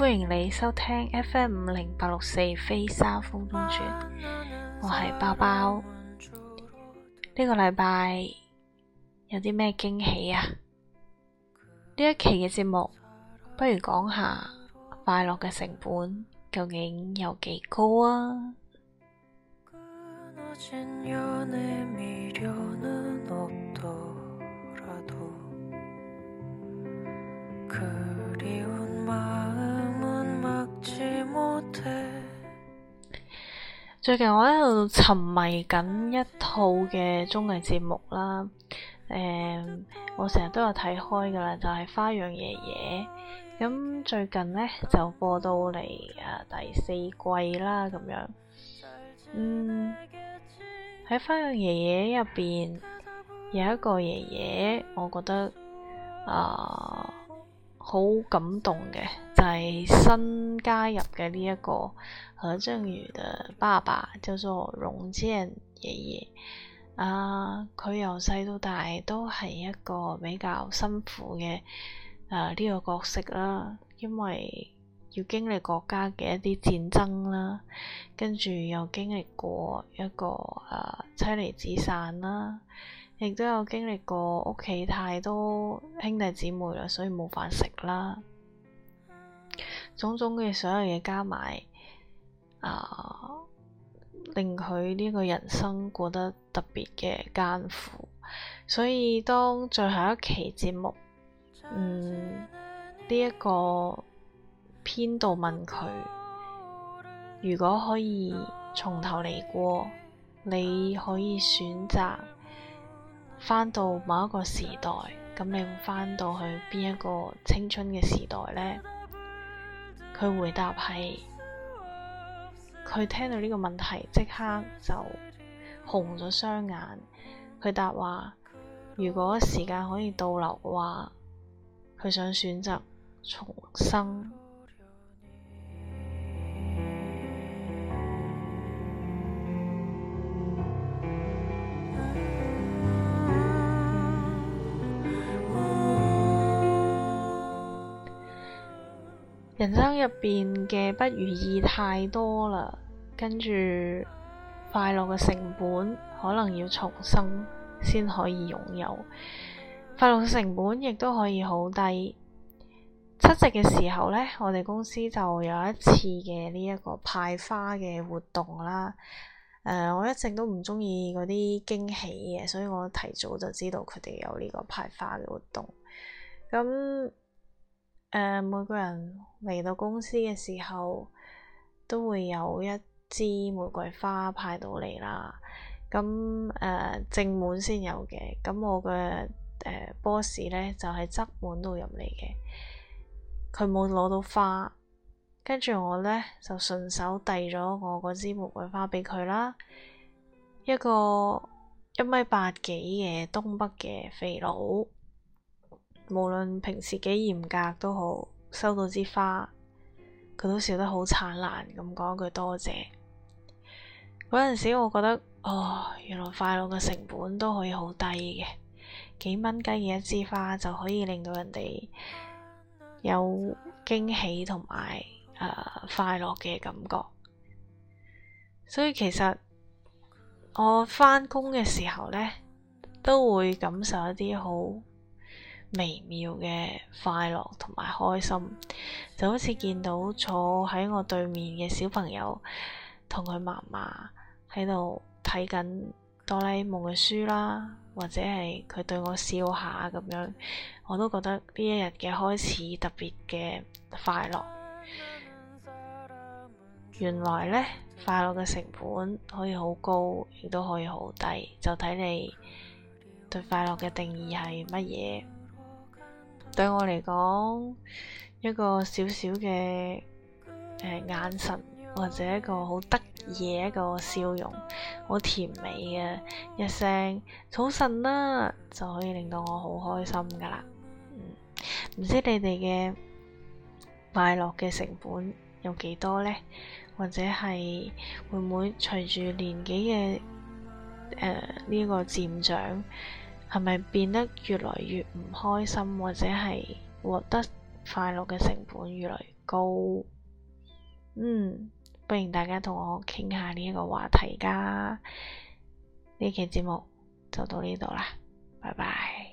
歡迎你收聽 FM 五零八六四《飛沙風中傳》，我係包包。呢個禮拜有啲咩驚喜啊？呢一期嘅節目，不如講下快樂嘅成本究竟有幾高啊？嗯最近我喺度沉迷緊一套嘅綜藝節目啦，誒、嗯，我成日都有睇開噶啦，就係《花樣爺爺》。咁最近咧就播到嚟誒第四季啦，咁樣，嗯，喺《花樣爺爺》入邊有一個爺爺，我覺得啊，好感動嘅。係新加入嘅呢一個何正宇嘅爸爸，叫做榮建爺爺啊！佢由細到大都係一個比較辛苦嘅誒呢個角色啦，因為要經歷國家嘅一啲戰爭啦，跟住又經歷過一個誒、啊、妻離子散啦，亦都有經歷過屋企太多兄弟姊妹啦，所以冇飯食啦。種種嘅所有嘢加埋，啊、呃，令佢呢個人生過得特別嘅艱苦。所以當最後一期節目，嗯，呢、這、一個編導問佢，如果可以從頭嚟過，你可以選擇翻到某一個時代，咁你會翻到去邊一個青春嘅時代咧？佢回答係，佢聽到呢個問題即刻就紅咗雙眼。佢答話，如果時間可以倒流嘅話，佢想選擇重生。人生入面嘅不如意太多啦，跟住快樂嘅成本可能要重生先可以擁有。快樂嘅成本亦都可以好低。七夕嘅時候呢，我哋公司就有一次嘅呢一個派花嘅活動啦。誒、呃，我一直都唔中意嗰啲驚喜嘅，所以我提早就知道佢哋有呢個派花嘅活動。咁、嗯誒，uh, 每個人嚟到公司嘅時候，都會有一支玫瑰花派到嚟啦。咁誒，uh, 正門先有嘅。咁我嘅誒、uh，boss 咧就係側門度入嚟嘅，佢冇攞到花，跟住我咧就順手遞咗我嗰支玫瑰花俾佢啦。一個一米八幾嘅東北嘅肥佬。無論平時幾嚴格都好，收到支花，佢都笑得好燦爛，咁講句多謝。嗰陣時我覺得，哦，原來快樂嘅成本都可以好低嘅，幾蚊雞嘅一支花就可以令到人哋有驚喜同埋誒快樂嘅感覺。所以其實我返工嘅時候咧，都會感受一啲好微妙嘅快樂同埋開心，就好似見到坐喺我對面嘅小朋友，同佢嫲嫲喺度睇緊哆啦 A 夢嘅書啦，或者係佢對我笑下咁樣，我都覺得呢一日嘅開始特別嘅快樂。原來呢，快樂嘅成本可以好高，亦都可以好低，就睇你對快樂嘅定義係乜嘢。對我嚟講，一個小小嘅誒、呃、眼神，或者一個好得意嘅一個笑容，好甜美嘅一聲早晨啦、啊，就可以令到我好開心噶啦。唔、嗯、知你哋嘅快樂嘅成本有幾多呢？或者係會唔會隨住年紀嘅誒呢個漸長？係咪變得越來越唔開心，或者係獲得快樂嘅成本越來越高？嗯，歡迎大家同我傾下呢一個話題㗎。呢期節目就到呢度啦，拜拜。